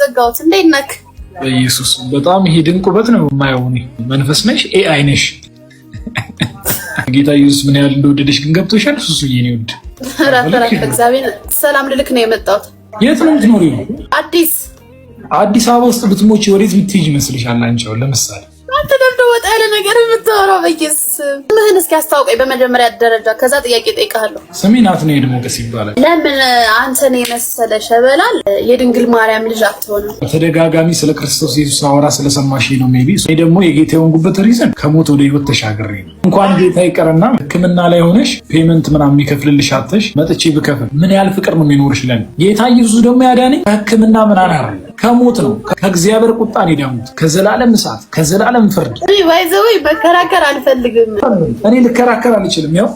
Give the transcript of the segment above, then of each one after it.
ዘጋሁት በኢየሱስ በጣም ይሄ ድንቅ ውበት ነው የማየው። መንፈስ ነሽ፣ ኤአይ ነሽ። ጌታ ኢየሱስ ምን ያህል እንደወደደሽ ግን ገብቶሻል። ሱሱ የኔ ይወድ እግዚአብሔር ሰላም ልልክ ነው የመጣሁት። የት ነው የምትኖሪው? አዲስ አዲስ አበባ ውስጥ ብትሞች ወዴት ብትሄጂ ይመስልሻል? አንቺ ለምሳሌ ወጣ ያለ ነገር የምታወራው በየስ ምህን እስኪ አስታውቀኝ በመጀመሪያ ደረጃ። ከዛ ጥያቄ ጠይቀሃለሁ። ስሜ ናትናኤል ሞገስ ይባላል። ለምን አንተን የመሰለ ሸበላል የድንግል ማርያም ልጅ አትሆንም? በተደጋጋሚ ስለ ክርስቶስ ኢየሱስ አወራ ስለሰማሽ ነው ሜይ ቢ። እኔ ደግሞ የጌታውን ጉበት ሪዘን ከሞት ወደ ህይወት ተሻግሬ ነው እንኳን ጌታ ይቀርና ሕክምና ላይ ሆነሽ ፔመንት ምናምን የሚከፍልልሽ አተሽ መጥቼ ብከፍል ምን ያህል ፍቅር ነው የሚኖርሽ ለን ጌታ ኢየሱስ ደግሞ ያዳነኝ ከሕክምና ምናምን አለ ከሞት ነው ከእግዚአብሔር ቁጣ ነው የዳንኩት፣ ከዘላለም እሳት፣ ከዘላለም ፍርድ። ባይዘወይ መከራከር አልፈልግም እኔ ልከራከር አልችልም። ያው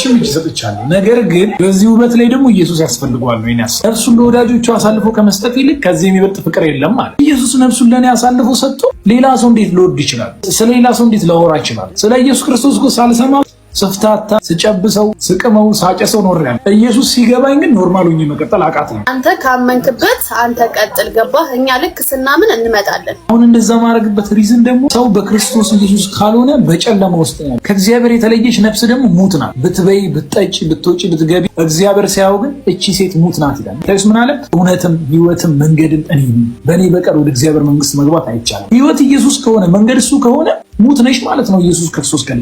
ሽም እጅ ሰጥቻለሁ። ነገር ግን በዚህ ውበት ላይ ደግሞ ኢየሱስ ያስፈልገዋል ነው ያስ ነፍሱን ለወዳጆቹ አሳልፎ ከመስጠት ይልቅ ከዚህ የሚበልጥ ፍቅር የለም ማለት ኢየሱስ ነፍሱን ለእኔ አሳልፎ ሰጥቶ ሌላ ሰው እንዴት ልወድ ይችላል? ስለ ሌላ ሰው እንዴት ላወራ ይችላል? ስለ ኢየሱስ ኢየሱስ ክርስቶስ እኮ ሳልሰማው ስፍታታ ስጨብሰው ስቅመው ሳጨሰው ኖር ያለ ኢየሱስ ሲገባኝ ግን ኖርማል ሆኜ መቀጠል አቃት ነው። አንተ ካመንክበት አንተ ቀጥል ገባህ። እኛ ልክ ስናምን እንመጣለን። አሁን እንደዛ ማድረግበት ሪዝን ደግሞ ሰው በክርስቶስ ኢየሱስ ካልሆነ በጨለማ ውስጥ ነው። ከእግዚአብሔር የተለየች ነፍስ ደግሞ ሙት ናት። ብትበይ፣ ብትጠጪ፣ ብትወጪ፣ ብትገቢ እግዚአብሔር ሲያው ግን እቺ ሴት ሙት ናት ይላል። ታዩስ ምን አለ? እውነትም ህይወትም መንገድም እኔ በእኔ በቀር ወደ እግዚአብሔር መንግስት መግባት አይቻልም። ህይወት ኢየሱስ ከሆነ መንገድ እሱ ከሆነ ሙት ነሽ ማለት ነው። ኢየሱስ ክርስቶስ ገለ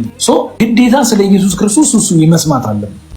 ግዴታ ስለ ኢየሱስ ክርስቶስ እሱ መስማት አለብን።